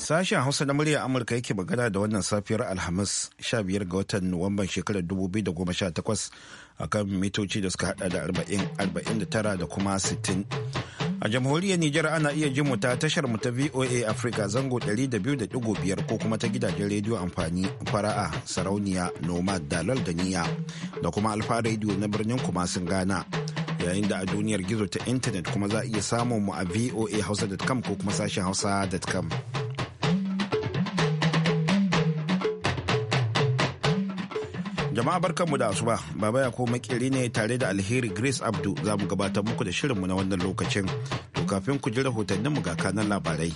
Sashen Hausa na murya Amurka yake magana da wannan safiyar Alhamis 15 ga watan Nuwamban shekarar 2018 akan mitoci da suka hada da 40-49 da kuma 60. A jamhuriyar Nijar ana iya jin mu ta tashar mu ta VOA Afrika zango 200.5 ko kuma ta gidajen rediyo amfani fara'a sarauniya nomad dalal da niya da kuma alfa rediyo na birnin kumasin Ghana. yayin da a duniyar gizo ta intanet kuma za a iya samun mu a voa hausa.com ko kuma sashen hausa.com. Jama'a barkanmu da asuba, Baba ya ko makeri ne tare da Alheri Grace Abdu za mu gabatar muku da shirinmu na wannan lokacin. To kafin ku ji rahotannin mu ga kanan labarai.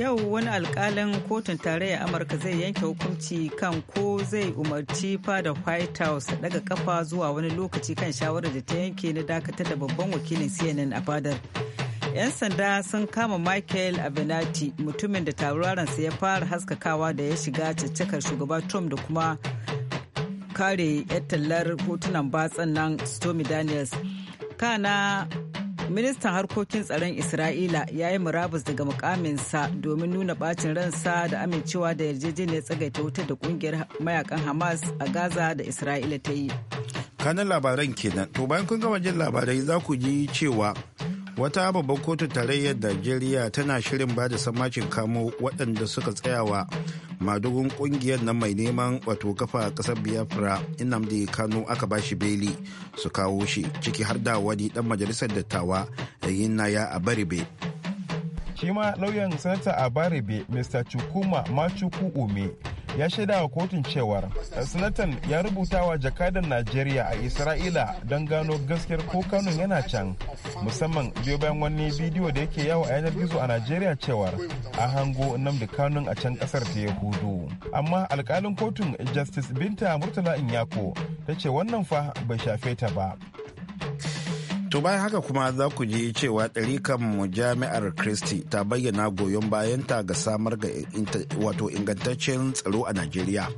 Yau wani alkalin kotun tarayya Amurka zai yanke hukunci kan ko zai umarci fada White House daga kafa zuwa wani lokaci kan shawarar da ta yanke na dakatar da babban wakilin CNN a fadar. 'yan sanda sun kama michael abinati mutumin da tauraronsa ya fara haskakawa da ya shiga caccakar shugaba trump da kuma kare 'yar tallar hotunan batsan nan Stormy Daniels. Kana ministan harkokin tsaron Isra'ila ya yi murabus daga mukaminsa domin nuna bacin ransa da amincewa da yarjejeniyar tsagaita wuta da kungiyar mayakan Hamas a Gaza da Isra'ila ta yi. Kanan labaran kenan, to bayan kun gama jin labarai za ku ji cewa wata babbar kotun tarayyar najeriya tana shirin ba da sammacin kamo waɗanda suka tsayawa madugun ƙungiyar na mai neman wato kafa ƙasar biafra inamdi kano aka bashi beli su kawo shi ciki har da wani ɗan majalisar dattawa da naya a baribe shi ma lauyan sanata a baribe mr chukuma machuku ume ya shaida wa kotun cewar sanatan ya rubuta wa jakadan najeriya a isra'ila don gano gaskiyar ko kanun yana can musamman biyo bayan wani bidiyo da yake yawo a yanar gizo a najeriya cewar a hango namdi kanun a can kasar ta yahudu amma alkalin kotun justice binta murtala inyako ta ce wannan fa bai shafe ta ba To bayan haka kuma za ku ji cewa ɗarikan mu jami'ar Kristi ta bayyana goyon bayanta ga samar ga wato ingantaccen tsaro a Najeriya.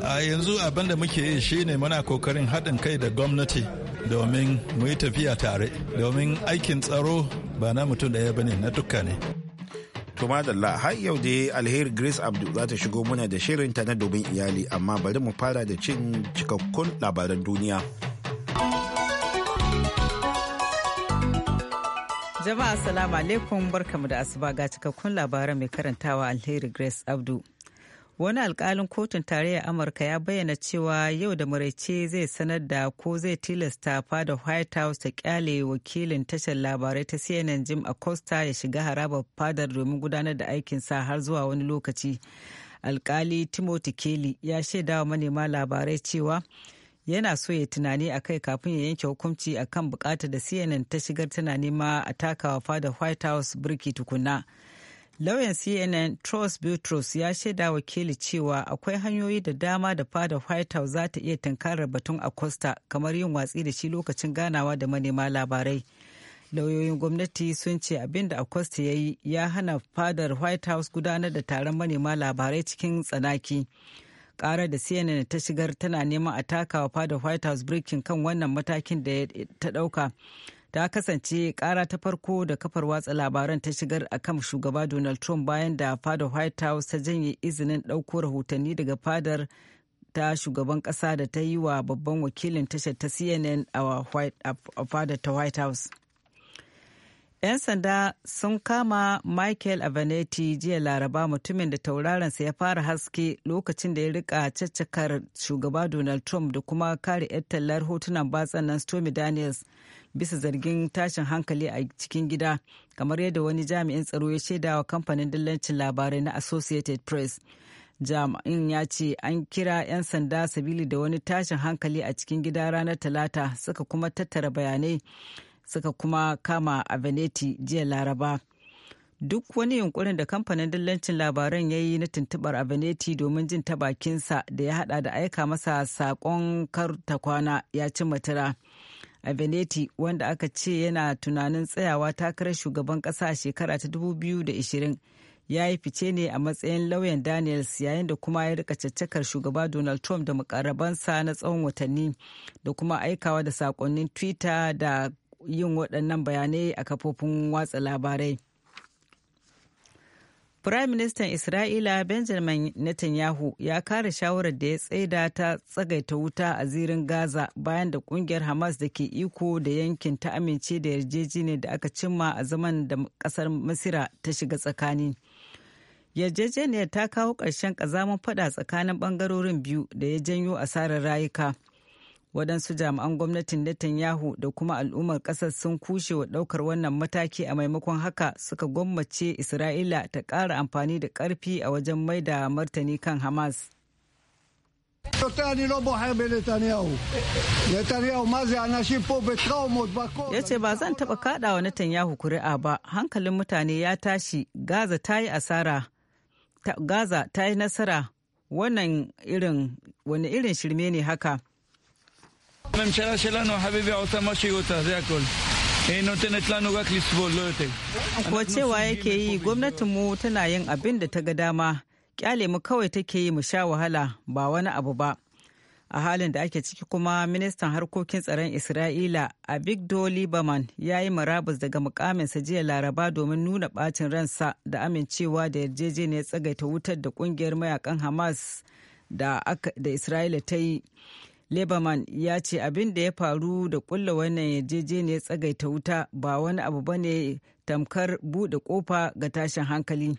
A yanzu abin da muke yi shi ne muna kokarin haɗin kai da gwamnati domin mu yi tafiya tare domin aikin tsaro ba na mutum ɗaya bane na dukka ne. To madalla har yau dai alheri Grace Abdu za ta shigo muna da shirinta na domin iyali amma bari mu fara da cin cikakkun labaran duniya. Jama'a salamu alaikum barkamu da asuba ga cikakkun labaran mai karantawa Alheri Grace Abdu. Wani alkalin kotun tarayyar Amurka ya bayyana cewa yau da maraice zai sanar da ko zai tilasta fada White House ta kyale wakilin tashar labarai ta CNN Jim Acosta ya shiga harabar fadar domin gudanar da aikinsa har zuwa wani lokaci. Alkali Timothy Kelly ya shaidawa manema labarai cewa yana so ya tunani a kai kafin ya yanke hukunci a kan bukatar da cnn ta shigar tana nema a takawa fada white house birki tukuna lauyan cnn Truss Buttrose ya shaida wakili cewa akwai hanyoyi da dama da fada white house za ta iya tunkarar batun acosta kamar yin watsi da shi lokacin ganawa da manema labarai lauyoyin gwamnati sun ce abin da acosta ya yi ya hana fadar white house gudanar da taron manema labarai cikin tsanaki ƙara da cnn ta shigar tana neman a takawa fada white house birkin kan wannan matakin da ta ɗauka ta kasance kara ta farko da kafar watsa labaran ta shigar a kan shugaba donald trump bayan da fada white house ta janye izinin ɗauko rahotanni daga fadar ta shugaban ƙasa da ta yi wa babban wakilin tashar ta cnn a fada ta white house 'Yan sanda sun kama Michael Avanetti jiya Laraba mutumin da tauraronsa ya fara haske lokacin da ya rika caccakar shugaba Donald Trump da kuma kare 'yar tallar hotunan batsanan Stormy Daniels bisa zargin tashin hankali a cikin gida, kamar yadda wani jami'in tsaro ya shaidawa kamfanin dillancin labarai na Associated Press. jami'in ya ce an kira 'yan sanda sabili da wani tashin hankali a cikin gida ranar talata suka kuma tattara bayanai suka kuma kama a Veneti jiya Laraba. Duk wani yunkurin da kamfanin dillancin labaran ya yi na tuntubar a Veneti domin jin ta bakinsa da ya hada da aika masa sakon karta kwana ya ci matara. a Veneti wanda aka ce yana tunanin tsayawa takarar shugaban ƙasa shekara ta 2020 ya yi fice ne a matsayin lauyan Daniels yayin da kuma ya rika caccakar shugaba Donald Trump da mukarrabansa na tsawon watanni da kuma aikawa da sakonnin Twitter da yin waɗannan bayanai a kafofin watsa labarai. Firaministan Isra'ila Benjamin Netanyahu ya kare shawarar da ya tsaida ta tsagaita wuta a zirin Gaza bayan da kungiyar Hamas da ke iko da yankin ta amince da yarjejeniyar da aka cimma a zaman da ƙasar Masira ta shiga tsakani. Yarjejeniyar ta kawo ƙarshen ƙazamin faɗa tsakanin ɓangarorin biyu da ya janyo asarar rayuka. wadansu jami'an gwamnatin Netanyahu da kuma al'ummar ƙasar sun kushe wa ɗaukar wannan mataki a maimakon haka suka gwammace Isra'ila ta kara amfani da ƙarfi a wajen mai da martani kan Hamas. ya ce ba zan taɓa kaɗawa Netanyahu kuri'a ba hankalin mutane ya tashi Gaza ta yi asara Gaza ta yi nasara wannan irin wani irin shirme ne haka הממשלה שלנו, חביבי, עושה מה שהיא רוצה, זה הכל. cewa yake yi gwamnatin mu tana yin abin da ta ga dama kyale mu kawai take yi mu sha wahala ba wani abu ba a halin da ake ciki kuma ministan harkokin tsaron isra'ila abigdo lieberman ya yi marabus daga mukaminsa jiya laraba domin nuna bacin ransa da amincewa da yarjejeniyar tsagaita wutar da kungiyar mayakan hamas da isra'ila ta yi Lebaman ya ce abin da ya faru da kulla wannan yarjejeniyar tsagaita wuta ba wani abu ba ne tamkar buɗe ƙofa ga tashin hankali.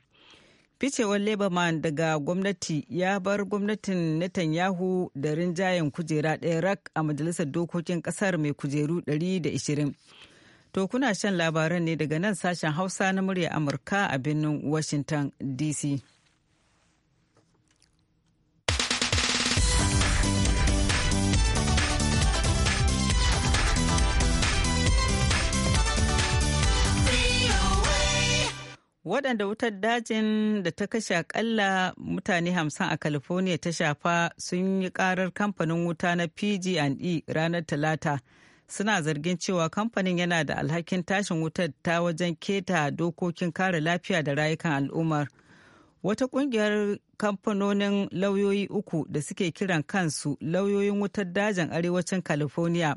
Ficewar Lebaman daga gwamnati ya bar gwamnatin Netanyahu da rinjayen kujera ɗaya rak a majalisar dokokin ƙasar mai kujeru 120. To kuna shan labaran ne daga nan sashen Hausa na murya Amurka a birnin Washington DC. waɗanda wutar dajin da ta kashe akalla mutane hamsin a california ta shafa sun yi karar kamfanin wuta na pg&e ranar talata suna zargin cewa kamfanin yana da alhakin tashin wutar ta wajen keta dokokin kare lafiya da rayukan al'ummar wata ƙungiyar kamfanonin lauyoyi uku da suke kiran kansu lauyoyin wutar dajin arewacin california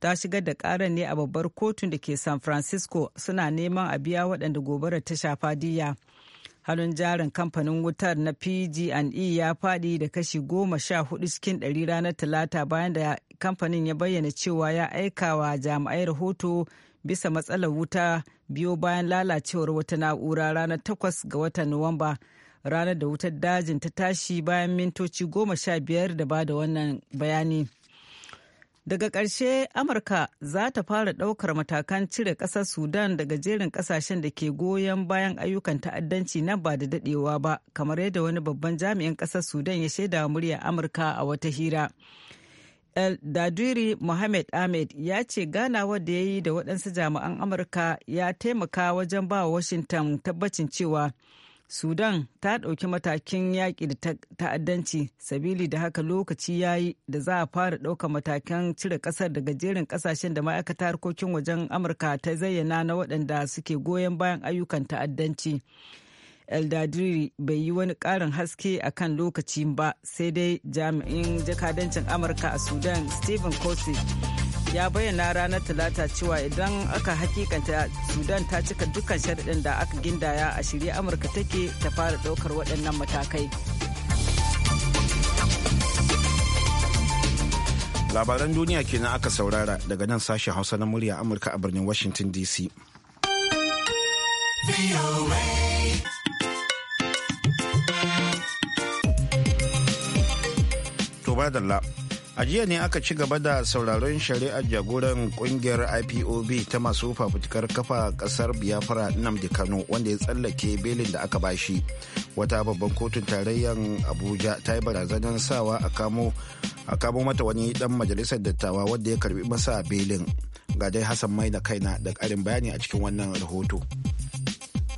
ta shigar da karar ne a babbar kotun da ke san francisco suna neman a biya waɗanda gobarar ta shafa diya hannun jarin kamfanin wutar na pg&e ya faɗi da kashi goma sha hudu cikin ɗari ranar talata bayan da kamfanin ya bayyana cewa ya aika wa jami'ai rahoto bisa matsalar wuta biyo bayan lalacewar wata na'ura ranar takwas ga watan nuwamba ranar da wutar dajin ta tashi bayan mintoci goma sha biyar da ba da wannan bayani daga ƙarshe amurka za ta fara ɗaukar matakan cire ƙasar sudan daga jerin ƙasashen da ke goyon bayan ayyukan ta'addanci nan ba da daɗewa ba kamar yadda wani babban jami'in ƙasar sudan ya shaida murya amurka a wata hira el dadiri mohamed ahmed ya ce ganawar da ya yi da waɗansu jami'an amurka ya taimaka wajen ba washington tabbacin cewa sudan ta ɗauki matakin yaƙi da ta'addanci sabili da haka lokaci ya yi da za a fara ɗaukar matakan cire ƙasar daga jerin ƙasashen da ma'aikatar harkokin wajen amurka ta zayyana na waɗanda suke goyon bayan ayyukan ta'addanci eldadiri bai yi wani ƙarin haske a kan lokaci ba sai dai jami'in jakadancin amurka a sudan stephen kosey ya bayyana ranar talata cewa idan aka hakikanta sudan ta cika dukkan sharaɗin da aka gindaya a shirye amurka take ta fara ɗaukar waɗannan matakai labaran duniya kenan aka saurara daga nan sashen hausa na murya amurka a birnin washington dc to ba a jiya ne aka ci gaba da sauraron shari'ar jagoran kungiyar ipob ta masu fafutukar kafa kasar biafra nnamdi kano wanda ya tsallake belin da aka bashi wata babban kotun tarayyar abuja ta yi barazanar sawa a kamo a kamo mata wani dan majalisar dattawa wanda ya karbi masa belin ga dai hassan mai da kaina da karin bayani a cikin wannan rahoto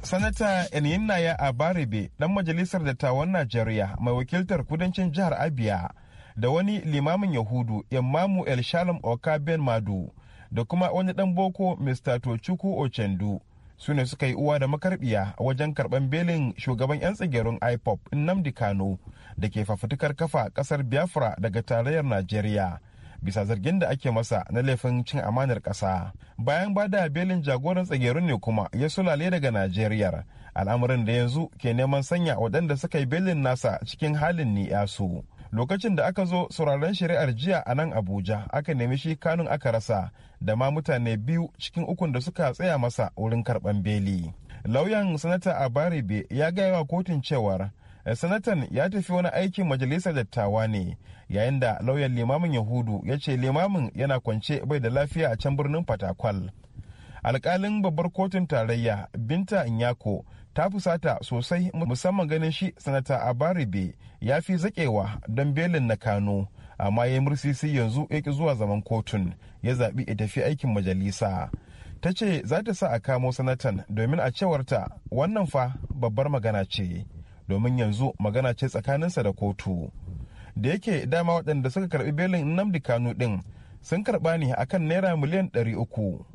Sanata Eniyinna ya Abaribe, dan majalisar dattawan Najeriya mai wakiltar kudancin jihar Abia, da wani limamin yahudu imamu el shalom oka ben madu da kuma wani dan boko mr tochuku ochendu su ne suka yi uwa da makarbiya a wajen karban belin shugaban 'yan tsigerun ipop nnamdi kano da ke fafutukar kafa kasar biafra daga tarayyar nigeria bisa zargin da ake masa na laifin cin amanar kasa bayan ba da belin jagoran tsagerun ne kuma ya sulale daga nigeria al'amarin da yanzu ke neman sanya waɗanda suka yi belin nasa cikin halin ni'yasu. lokacin da aka zo sauraron shari'ar jiya a nan abuja aka nemi shi kanun aka rasa da ma mutane biyu cikin ukun da suka tsaya masa wurin karban beli lauyan sanata a abaribe ya gaya wa kotun cewar eh, sanatan ya tafi wani aikin majalisar dattawa ne yayin da lauyan limamin yahudu ya ce limamin yana kwance bai da lafiya a can birnin fatakwal alkalin babbar kotun tarayya binta nyako. ta fusata sosai musamman ganin shi sanata abaribe ya fi zakewa don belin na kano amma ya yi mursisi yanzu ya ki zuwa zaman kotun ya zaɓi ya tafi aikin majalisa ta ce za ta sa a kamo sanatan domin a cewarta wannan fa babbar magana ce domin yanzu magana ce tsakaninsa da kotu da yake dama waɗanda suka karɓi belin nnamdi kano ɗin sun karɓa ne akan naira miliyan ɗari uku.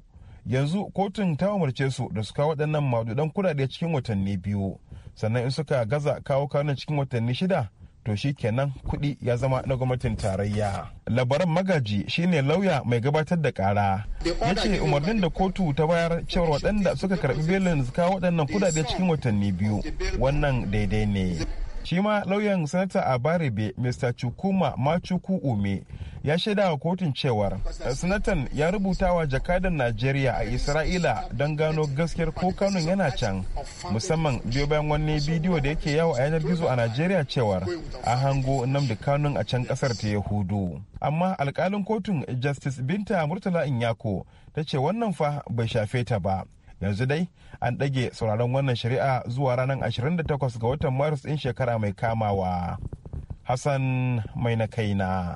yanzu kotun ta umarce su da suka kawo waɗannan madudan kudade cikin watanni biyu sannan in suka gaza kawo kanun cikin watanni shida to shi kenan kuɗi ya zama na gwamnatin tarayya. Labaran magaji shine lauya mai gabatar da ƙara. Ya ce umarnin da kotu ta bayar cewar waɗanda suka karɓi belin kawo waɗannan kudade cikin watanni biyu wannan daidai ne. Shi ma lauyan sanata a Baribe Mr. Chukuma Machuku Ume ya shaida wa kotun cewar sanatan ya rubuta wa jakadan najeriya a isra'ila don gano gaskiyar ko kanun yana can musamman biyo bayan wani bidiyo da yake yawo a yanar gizo a najeriya cewar a hango namdi kanun a can kasar ta yahudu amma alkalin kotun justice binta murtala inyako ta ce wannan fa bai shafe ta ba yanzu dai an ɗage sauraron wannan shari'a zuwa ranar 28 ga watan maris ɗin shekara mai kamawa hassan mai na kaina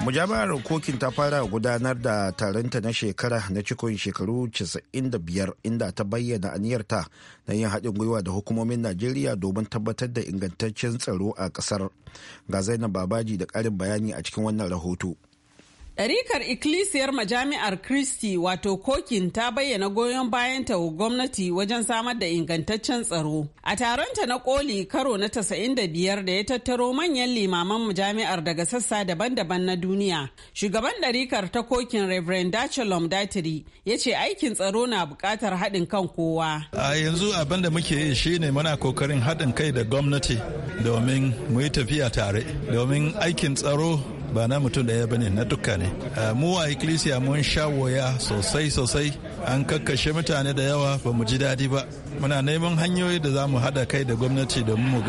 mujabar kokin ta fara gudanar da taronta na shekara na cikon shekaru 95 inda ta bayyana aniyarta na yin haɗin gwiwa da hukumomin najeriya domin tabbatar da ingantaccen tsaro a ƙasar ga zainab babaji da ƙarin bayani a cikin wannan rahoto Ɗarikar ikkilisiyar majami'ar Kristi wato kokin ta bayyana goyon bayanta wa gwamnati wajen samar da ingantaccen tsaro. A taronta na koli karo na 95 da biyar da ya tattaro manyan limaman majami'ar daga sassa daban-daban na duniya. Shugaban ɗarikar ta kokin Reverend Dachalom Datiri ya ce aikin tsaro na buƙatar haɗin kan kowa. A yanzu abin da muke yi shine muna kokarin haɗin kai da gwamnati domin mu yi tafiya tare domin aikin tsaro ba na mutum ɗaya ba ne na dukka ne mu a ikkilisiya mun sha waya sosai sosai an kakkashe mutane da yawa ba mu ji daɗi ba muna neman hanyoyi da za mu haɗa kai da gwamnati da mu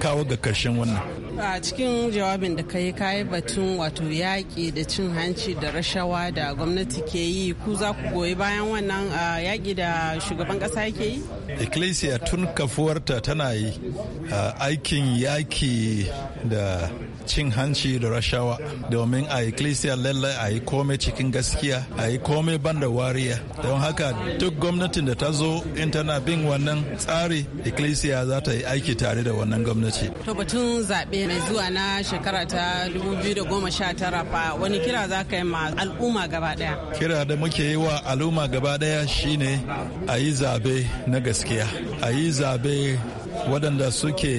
kawo ga karshen wannan a cikin jawabin da ka yi kayi batun wato yaƙi da cin hanci da rashawa da gwamnati ke yi ku za ku goyi bayan wannan yaƙi da shugaban ƙasa yake yi ikkilisiya tun kafuwarta tana yi aikin yaƙi da cin hanci da rashawa domin a ecclesia lallai a yi komai cikin gaskiya a yi komai banda wariya don haka duk gwamnatin da ta zo in tana bin wannan tsari ikkilisiya za ta yi aiki tare da wannan gwamnati to batun zaɓe mai zuwa na shekara ta 2019 fa wani kira za ka yi ma al'umma gaba ɗaya. kira da muke yi wa al'umma gaba ɗaya shine a yi zaɓe na gaskiya a yi zaɓe waɗanda suke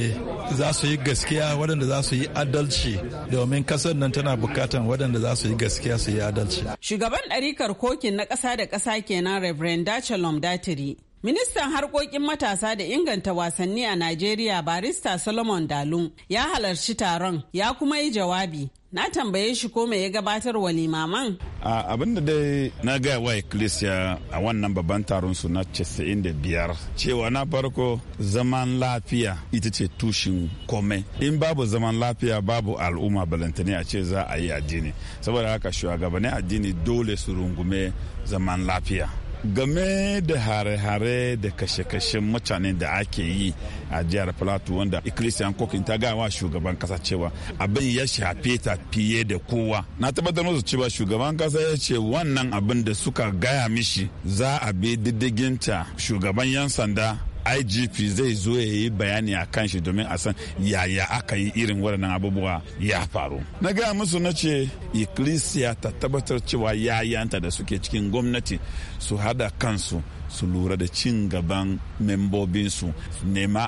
za su yi gaskiya waɗanda za su yi adalci domin kasar nan tana bukatan waɗanda za su yi gaskiya su yi adalci. Shugaban ɗarikar kokin na ƙasa da ƙasa kenan Reverend Dachalom Datiri Ministan harkokin matasa da inganta wasanni a Najeriya barista Solomon Dalun ya halarci taron ya kuma yi jawabi. Na tambaye shi ko mai ya gabatar wa limaman? Abin da dai na gaya wa Ecclesia a wannan babban taron su na 95 cewa na farko zaman lafiya ita ce tushin komai. In babu zaman lafiya babu al'umma balantane a ce za a yi addini. Saboda haka shugabannin addini dole su rungume zaman lafiya. game da hare-hare da kashe-kashen mutane da ake yi a jihar plateau wanda christian kokin ta gawa shugaban kasa cewa abin ya shafe ta fiye da kowa na tabbatar musu cewa shugaban kasa ya ce wannan abin da suka gaya mishi za a bi diddiginta shugaban yan sanda igp zai zo ya yi bayani a kan shi domin a san yaya aka yi irin waɗannan abubuwa ya faru na gaya musu na ce ikkilisiya ta tabbatar cewa yayanta da suke cikin gwamnati su hada kansu su lura da cin gaban membobinsu nema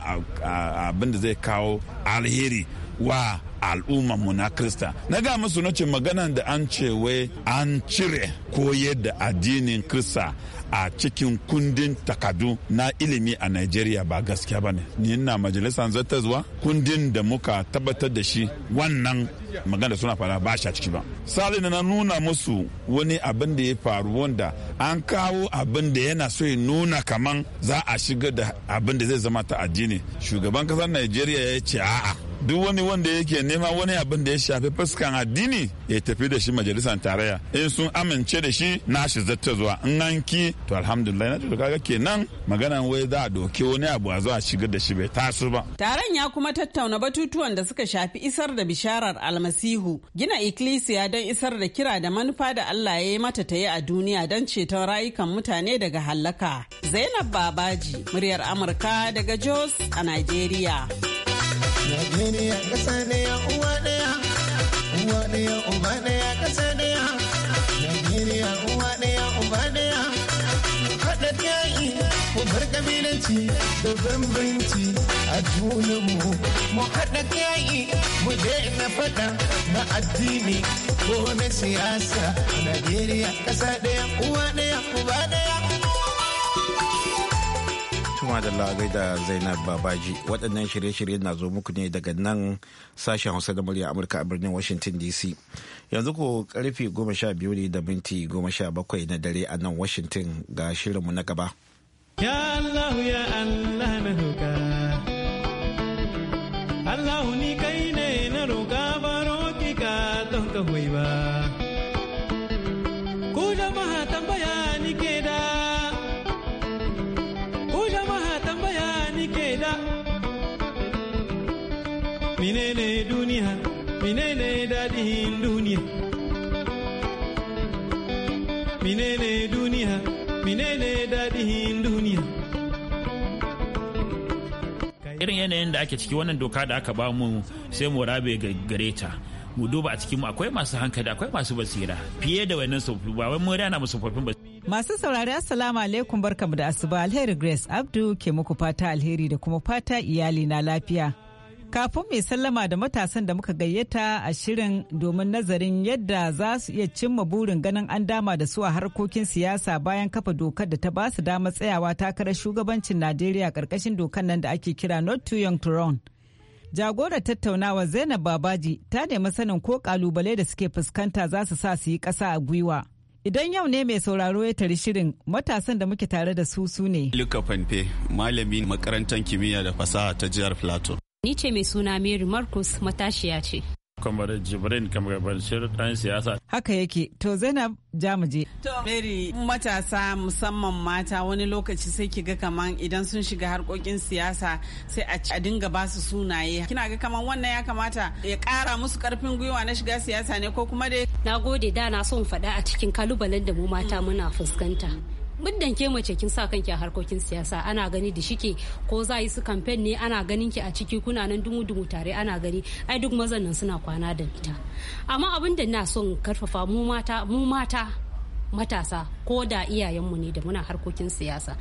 abin da zai kawo alheri wa mu na krista na ga musu nace ce maganan da an ce wai an cire koyar da addinin krista a cikin kundin takadu na ilimi a Nigeria ba gaskiya ba ne. Ni na majalisar zartaswa kundin da muka tabbatar da shi wannan magana suna fara ba shi a ciki ba. Sali na nuna musu wani abin da ya faru wanda an kawo abin da yana so ya nuna kaman za a shiga da abin da zai zama ta addini. Shugaban kasar Nigeria ya ce a'a duk wani wanda yake nema wani abin da ya shafi fuskan addini ya tafi da shi majalisar tarayya in sun amince da shi na shi zata zuwa in an ki to alhamdulillah na to kaga kenan magana wai za a doke wani abu a zo a shigar da shi bai taso ba taron ya kuma tattauna batutuwan da suka shafi isar da bisharar almasihu gina ikkilisiya don isar da kira da manufa da Allah ya yi mata ta yi a duniya don ceton rayukan mutane daga hallaka zainab babaji muryar amurka daga jos a nigeria Najeriya ƙasa ɗaya uwa ɗaya, uwa ɗaya uba ɗaya ƙasa Najeriya uwa ɗaya uba ɗaya. Haɗa yayi mu bar ƙabilanci da bambanci a junanmu. Mu haɗa yayi mu daina faɗa na addini ko na siyasa. Najeriya ƙasa ɗaya uwa ɗaya uba ɗaya. kuma da lagai da Zainab Babaji waɗannan shirye-shirye na zo muku ne daga nan sashen Hausa da murya Amurka a birnin Washington DC. Yanzu ko karfe goma sha biyu ne da minti goma sha bakwai na dare a nan Washington ga shirinmu na gaba. Allah ya Allah na Allah ni kai yanayin da ake ciki wannan doka da aka bamu sai mu rabe gare ta mu duba a cikinmu akwai masu hankali akwai masu basira fiye da wannan tsofaffi ba wai mu rana musu tsofaffin ba Masu saurari Assalamu alaikum barkamu da asuba alheri Grace Abdu ke muku fata alheri da kuma fata iyali na lafiya. Kafin mai sallama da matasan da muka gayyata a shirin domin nazarin yadda za su iya cimma burin ganin an dama da su a harkokin siyasa bayan kafa dokar da ta ba su damar tsayawa takarar shugabancin Najeriya karkashin dokar nan da ake kira Not Too Young to Run. Jagorar tattaunawa Zainab Babaji ta nemi sanin ko kalubale da suke fuskanta za su sa su yi ƙasa a gwiwa. Idan yau ne mai sauraro ya tari shirin matasan da muke tare da su su ne. Luka Fanfe, malami makarantar kimiyya da fasaha ta jihar Plateau. Ni ce mai suna Mary Marcus matashiya ce. kamar jibrin kamar bashir ɗan siyasa haka yake to zainab jamuje to mary matasa musamman mata wani lokaci sai ki ga kaman idan sun shiga harkokin siyasa sai a dinga ba su sunaye kina ga kaman wannan ya kamata ya kara musu karfin gwiwa na shiga siyasa ne ko kuma dai na gode da na son faɗa a cikin kalubalen da mu mata muna fuskanta muddin ke mace kin sa kanki a harkokin siyasa ana gani da shike ko za yi su kamfen ne ana ganin ki a ciki kuna nan dumu dumu tare ana gani ai duk mazan nan suna kwana da ita amma abin da na son karfafa mu mata mu mata matasa ko da iyayenmu ne da muna harkokin siyasa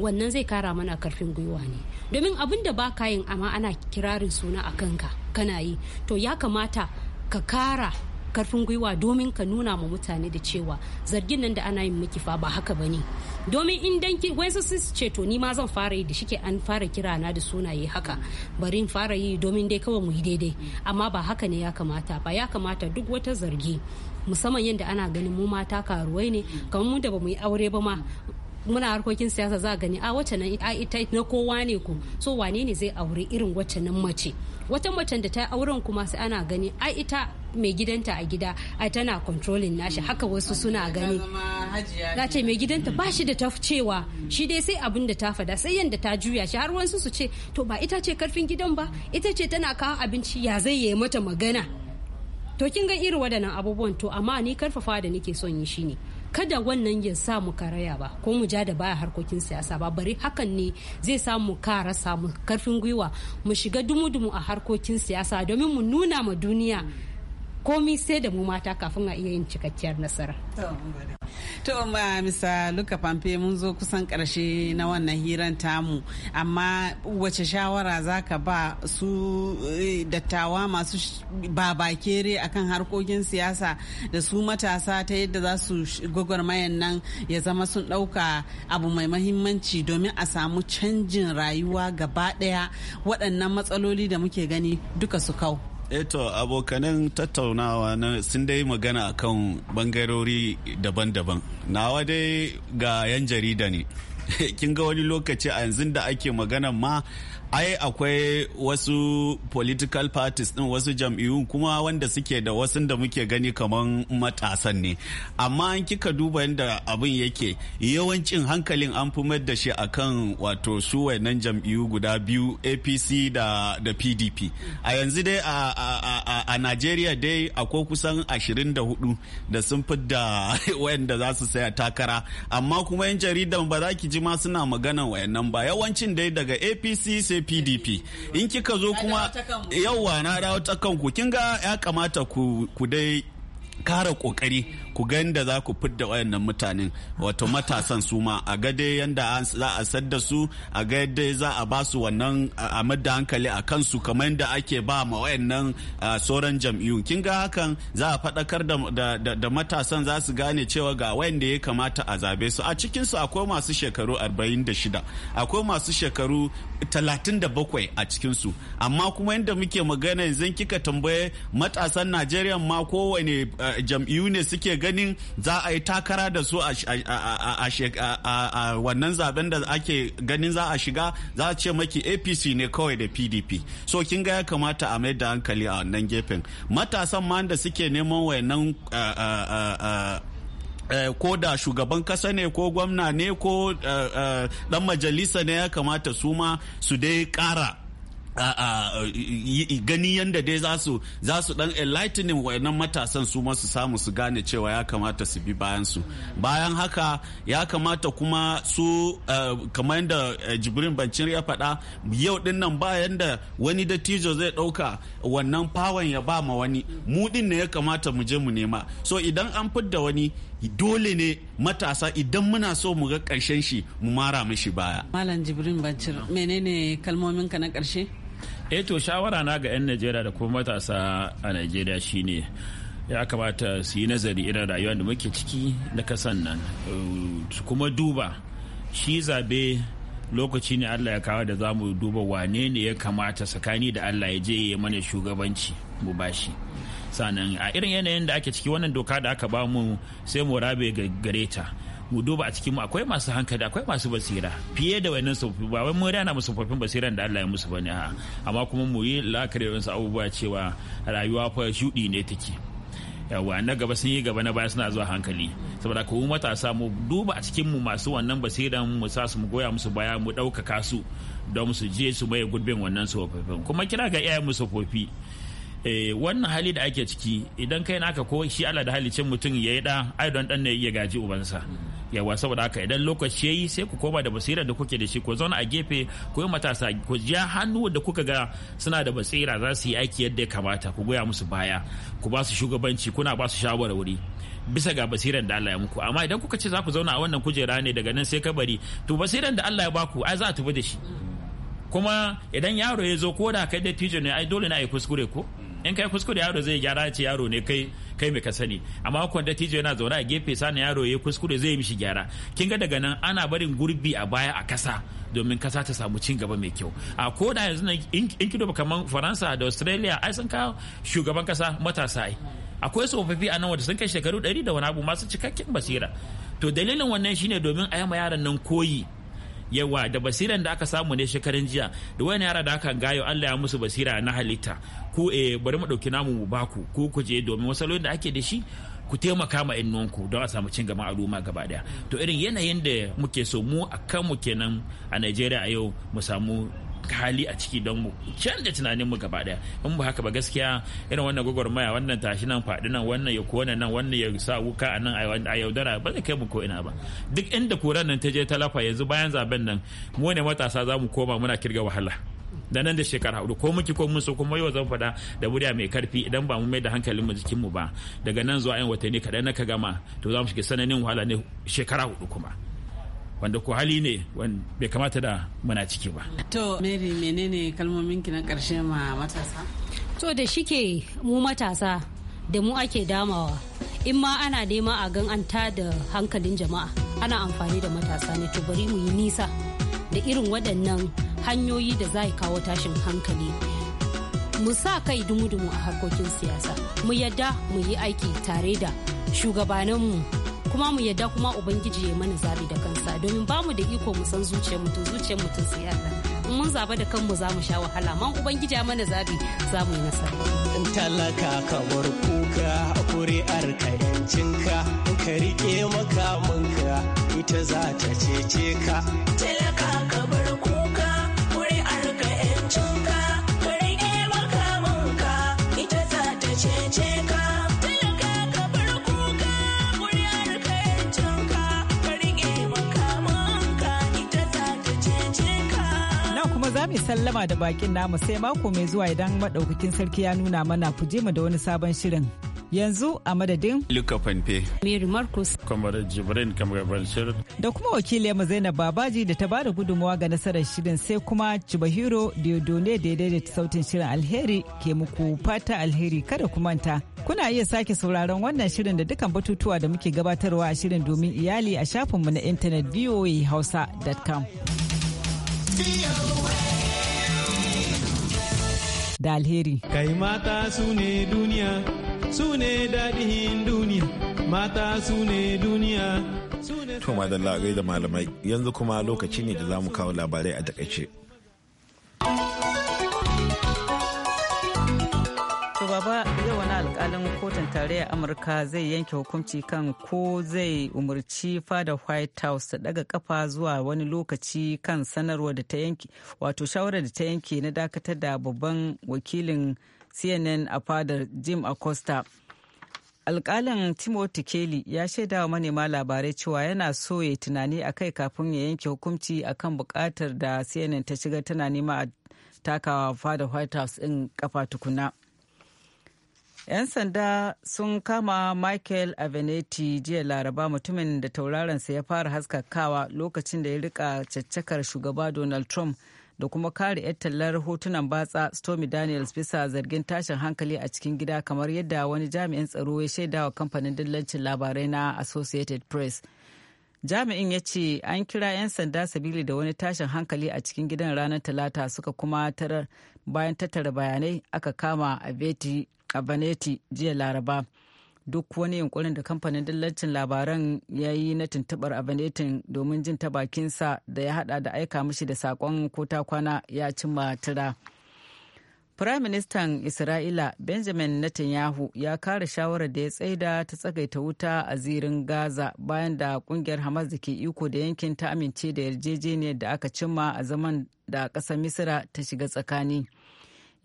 wannan zai kara mana karfin gwiwa ne domin abin da ba kayin amma ana kirarin suna a kanka kana yi to ya kamata ka kara karfin gwiwa domin ka nuna ma mutane da cewa zargin nan da ana yin miki fa ba haka bane domin in ki wai su ce to ni ma zan fara yi da shike an fara kira na da sunaye haka bari in fara yi domin dai kawai mu yi daidai amma ba haka ne ya kamata ba ya kamata duk wata zargi musamman yadda ana ganin mu mata karuwai ne kamar mu da ba mu yi aure ba ma muna harkokin siyasa za a gani a wacce nan a ita na kowa ne ku so wane ne zai aure irin wacce nan mace wata macen da ta yi auren kuma sai ana gani a ita mai gidanta a gida a tana controlling nashi haka wasu suna gani na ce mai gidanta ba shi da ta cewa shi dai sai abin da ta fada sai yanda ta juya shi har wasu su ce to ba ita ce karfin gidan ba ita ce tana kawo abinci ya zai yi mata magana to kin ga irin waɗannan abubuwan to amma ni karfafa da nake son yi shine kada wannan ya sa mu karaya ba ko mu ja da baya harkokin siyasa ba bari hakan ne zai sa mu kara samu karfin gwiwa mu shiga dumu-dumu a harkokin siyasa domin mu nuna ma duniya komi sai da mu mata kafin a iya yin cikakkiyar nasara. To ma misa Luka Famfe mun zo kusan karshe na wannan hiran tamu amma wace shawara za ka ba su eh, dattawa masu babakere akan harkokin siyasa da su matasa ta yadda za su gwagwarmayan nan ya zama sun ɗauka abu mai mahimmanci domin a samu canjin rayuwa gaba daya waɗannan matsaloli da muke gani duka su kau. eto eh abokanan tattaunawa na sun dai magana a kan bangarori daban-daban nawa dai ga yan jarida ne kin ga wani lokaci a yanzu da ake magana ma ai akwai wasu political parties din wasu jam'iyyun kuma wanda suke da wasu da muke gani kamar matasan ne amma an kika duba yadda abin yake yawancin hankalin an fi da shi akan wato su wayannan jam'iyyu guda biyu apc da, da pdp a yanzu dai a, a, a, a nigeria dai akwai kusan 24 da sun fidda wayanda za su saya takara amma kuma yan jaridan ba za ki ji ma suna maganan wayannan ba yawancin dai daga apc sai ce pdp in kika zo kuma yauwa na dawo ta kanku kinga ga ya kamata ku dai kara kokari ku ga yadda za ku fidda wayannan mutanen wato matasan su ma a ga dai yadda za a sadda su a ga yadda za a ba su wannan a madda hankali a kansu kamar yadda ake ba ma wayannan sauran jam'iyyun kin ga hakan za a faɗakar da matasan za su gane cewa ga wayanda ya kamata a zabe su a cikin su akwai masu shekaru 46 akwai masu shekaru 37 a cikin su amma kuma yadda muke magana yanzu kika tambaye matasan Najeriya ma kowane eh, jam'iyyu ne suke ganin za a yi takara da su a wannan zaben da ake ganin za a shiga za a ce maki apc ne kawai da pdp so kin ga ya kamata a mai da hankali a wannan gefen matasan ma da suke neman wayannan Eh, eh, eh, eh ko da shugaban kasa ne ko gwamna ne ko eh, dan majalisa ne ya kamata su ma su dai kara gani yadda dai za su za su dan enlightening wayannan matasan su masu samu su gane cewa ya kamata su bi bayan su bayan haka ya kamata kuma su eh, kamar yadda eh, jibrin bancin ya faɗa yau din nan bayan da wani dattijo zai ɗauka wannan pawan ya ba ma wani mu din ne ya kamata mu je mu nema so idan an fidda wani dole ne matasa idan muna so mu ga ƙarshen shi mu mara mishi baya malam jibrin bancir menene kalmominka na karshe? eh to shawara na ga 'yan najeriya da kuma matasa a najeriya shine ya kamata su yi nazari irin rayuwa da muke ciki na kasan nan eh, kuma duba shi zabe lokaci ne allah ya kawo da za mu duba wane ne ya kamata tsakani da allah ya je ya yi mana shugabanci mu bashi sannan a irin yanayin da ake ciki wannan doka da aka ba mu sai mu rabe gare ta mu duba a cikin mu akwai masu hankali akwai masu basira fiye da wannan su ba wai mu rana musu fofin basiran da Allah ya musu bane a amma kuma mu yi la'akari wasu abubuwa cewa rayuwa fa shudi ne take yawa na gaba sun yi gaba na baya suna zuwa hankali saboda ko matasa mu duba a cikin mu masu wannan basiran mu sa su mu goya musu baya mu ɗaukaka su don su je su maye gurbin wannan tsofaffin kuma kira ga iyayen mu tsofaffi eh, wannan hali da ake ciki idan kai naka ko shi Allah da halicin mutum ya yi da ai don dan ne ya gaji ubansa yawa saboda haka idan lokaci yayi sai ku koma da basira da kuke da shi ku zauna a gefe ku yi matasa ku ja hannu da kuka ga suna da basira za su yi aiki yadda ya kamata ku goya musu baya ku ba su shugabanci kuna ba su shawarwari bisa ga basiran da Allah ya muku amma idan kuka ce za ku zauna a wannan kujera ne daga nan sai kabari to basiran da Allah ya baku ai za a tafi da shi kuma idan yaro ya zo ko da kai da tijo ne ai dole ne a yi kuskure ko in kai kuskure yaro zai gyara ce yaro ne kai kai me ka sani amma kun da tijo yana zaune a gefe sani yaro ya kuskure zai mishi gyara kin ga daga nan ana barin gurbi a baya a kasa domin kasa ta samu cin gaba mai kyau a ko da yanzu in kido kamar faransa da australia ai sun kawo shugaban kasa matasa ai akwai tsofaffi a nan wanda sun kai shekaru 100 da wani abu masu cikakken basira to dalilin wannan shine domin a yi ma yaran nan koyi yawa da basiran da aka samu ne shekarun jiya da wani yara da aka gayo Allah ya musu basira na halitta ku e bari mu dauki namu mu baku ku ku je domin wasalolin da ake da shi ku taimaka ma ku don a samu cin al'umma gaba daya to irin yanayin da muke so mu a kanmu kenan a Najeriya a yau mu samu hali a ciki don mu canza tunanin mu gaba daya in ba haka ba gaskiya irin wannan gwagwarmaya wannan tashi nan faɗi nan wannan ya kona nan wannan ya sa wuka a nan a yaudara ba zai kai mu ko ina ba duk inda koran nan ta je talafa yanzu bayan zaben nan mu ne matasa za mu koma muna kirga wahala da nan da shekara hudu ko muke ko mun so kuma yau zan fada da murya mai karfi idan ba mu mai da hankalin mu jikin mu ba daga nan zuwa yan watanni kadan na ka gama to za mu shiga sananin wahala ne shekara hudu kuma wanda ko hali ne bai kamata da muna ciki ba. To Mary menene kalmominki na karshe ma matasa? To da shike mu matasa da mu ake damawa in ma ana nema a gan an da hankalin jama'a ana amfani da matasa ne to bari mu yi nisa da irin waɗannan hanyoyi da za kawo tashin hankali mu sa kai dumu-dumu a harkokin siyasa mu yadda mu yi aiki tare da shugabaninmu kuma mu yadda kuma ubangiji ya mana zabi da kansa domin ba mu da iko mu san zuciyar mutum zuciyar mutum sai Allah in mun zaba da kanmu za mu sha wahala man ubangiji ya mana zabi za mu yi nasara in talaka ka bar kuka kuri'ar ka yancinka in ka rike makamanka ita za ta cece ka talaka ka bar kuma za mu sallama da bakin namu sai mako mai zuwa idan madaukakin sarki ya nuna mana ku je mu da wani sabon shirin. Yanzu a madadin Luka Fanfe, Mary Marcus, Kamar Jibrin Kamar da kuma wakilinmu Zainab Babaji da ta bada gudunmawa ga nasarar shirin sai kuma Chibahiro Diodone da ya daidaita sautin shirin alheri ke muku fata alheri kada ku manta. Kuna iya sake sauraron wannan shirin da dukan batutuwa da muke gabatarwa a shirin domin iyali a shafinmu na intanet voahausa.com. da alheri. Kai mata su ne duniya, su ne daɗin duniya, mata su ne duniya. To madalla da malamai yanzu kuma lokaci ne da za mu kawo labarai a takaice. baba yau wani alkalin kotu a amurka zai yanke hukunci kan ko zai umarci fada white house ta daga kafa zuwa wani lokaci kan sanarwa da ta yanke wato shawarar da ta yanke na dakatar da babban wakilin cnn a fadar jim acosta alkalin timothy kelly ya shaida wa manema labarai cewa yana so ya tunani a kai kafin ya yanke hukunci akan bukatar da cnn ta shiga tana nema a takawa fada white house in kafa tukuna. 'Yan sanda sun kama Michael Avenetti jiya Laraba mutumin da tauraronsa ya fara haskakawa lokacin da ya rika caccakar shugaba Donald Trump da kuma kare 'yar tallar hotunan batsa Stormy Daniels bisa zargin tashin hankali a cikin gida kamar yadda wani jami'in tsaro ya shaidawa kamfanin dillancin labarai na Associated Press. jami'in ya ce an kira 'yan sanda sabili da wani tashin hankali a cikin gidan ranar talata suka kuma tarar bayan tattara bayanai aka kama a Baneti jiya Laraba. Duk wani yunkurin da kamfanin dillacin labaran ya yi na tuntubar Banetin domin jin ta bakinsa da ya hada da aika mishi da sakon ko ta kwana ya cimma prime Firaministan Isra'ila Benjamin Netanyahu ya kare shawarar da ya tsaida ta tsagaita wuta a zirin Gaza bayan da kungiyar Hamas da ke iko da yankin ta amince da yarjejeniyar da aka cimma a zaman da ƙasar Misira ta shiga tsakani.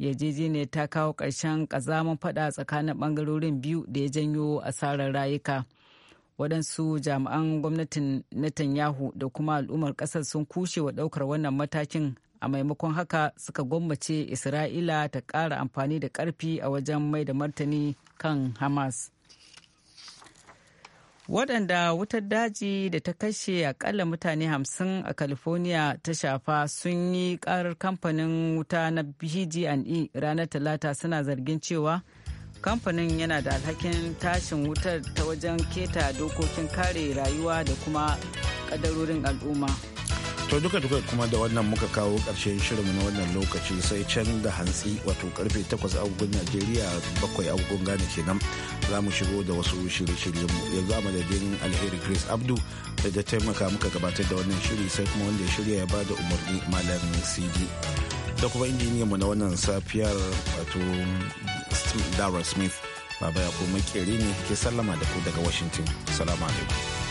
yarjejeniyar ta kawo ƙarshen ƙazamin faɗa tsakanin ɓangarorin biyu da ya janyo asarar rayuka waɗansu jami'an gwamnatin netanyahu da kuma al'ummar ƙasar sun kushe wa ɗaukar wannan matakin a maimakon haka suka gwammace isra'ila ta ƙara amfani da ƙarfi a wajen mai da martani kan hamas waɗanda wutar daji da ta kashe akalla mutane hamsin a california ta shafa sun yi karar kamfanin wuta na pg&e ranar talata suna zargin cewa kamfanin yana da alhakin tashin wutar ta wajen keta dokokin kare rayuwa da kuma kadarorin al'umma to duka duka kuma da wannan muka kawo ƙarshen shirinmu na wannan lokaci sai can da hantsi wato karfe 8 agogon najeriya bakwai agogon gane kenan za mu shigo da wasu shirye-shiryenmu yanzu a madadin alheri grace abdu da taimaka muka gabatar da wannan shiri sai kuma wanda ya shirya ya bada umarni malam cd da kuma mu na wannan safiyar wato dara smith baba ya kuma kere ne ke sallama da ku daga washington salamu alaikum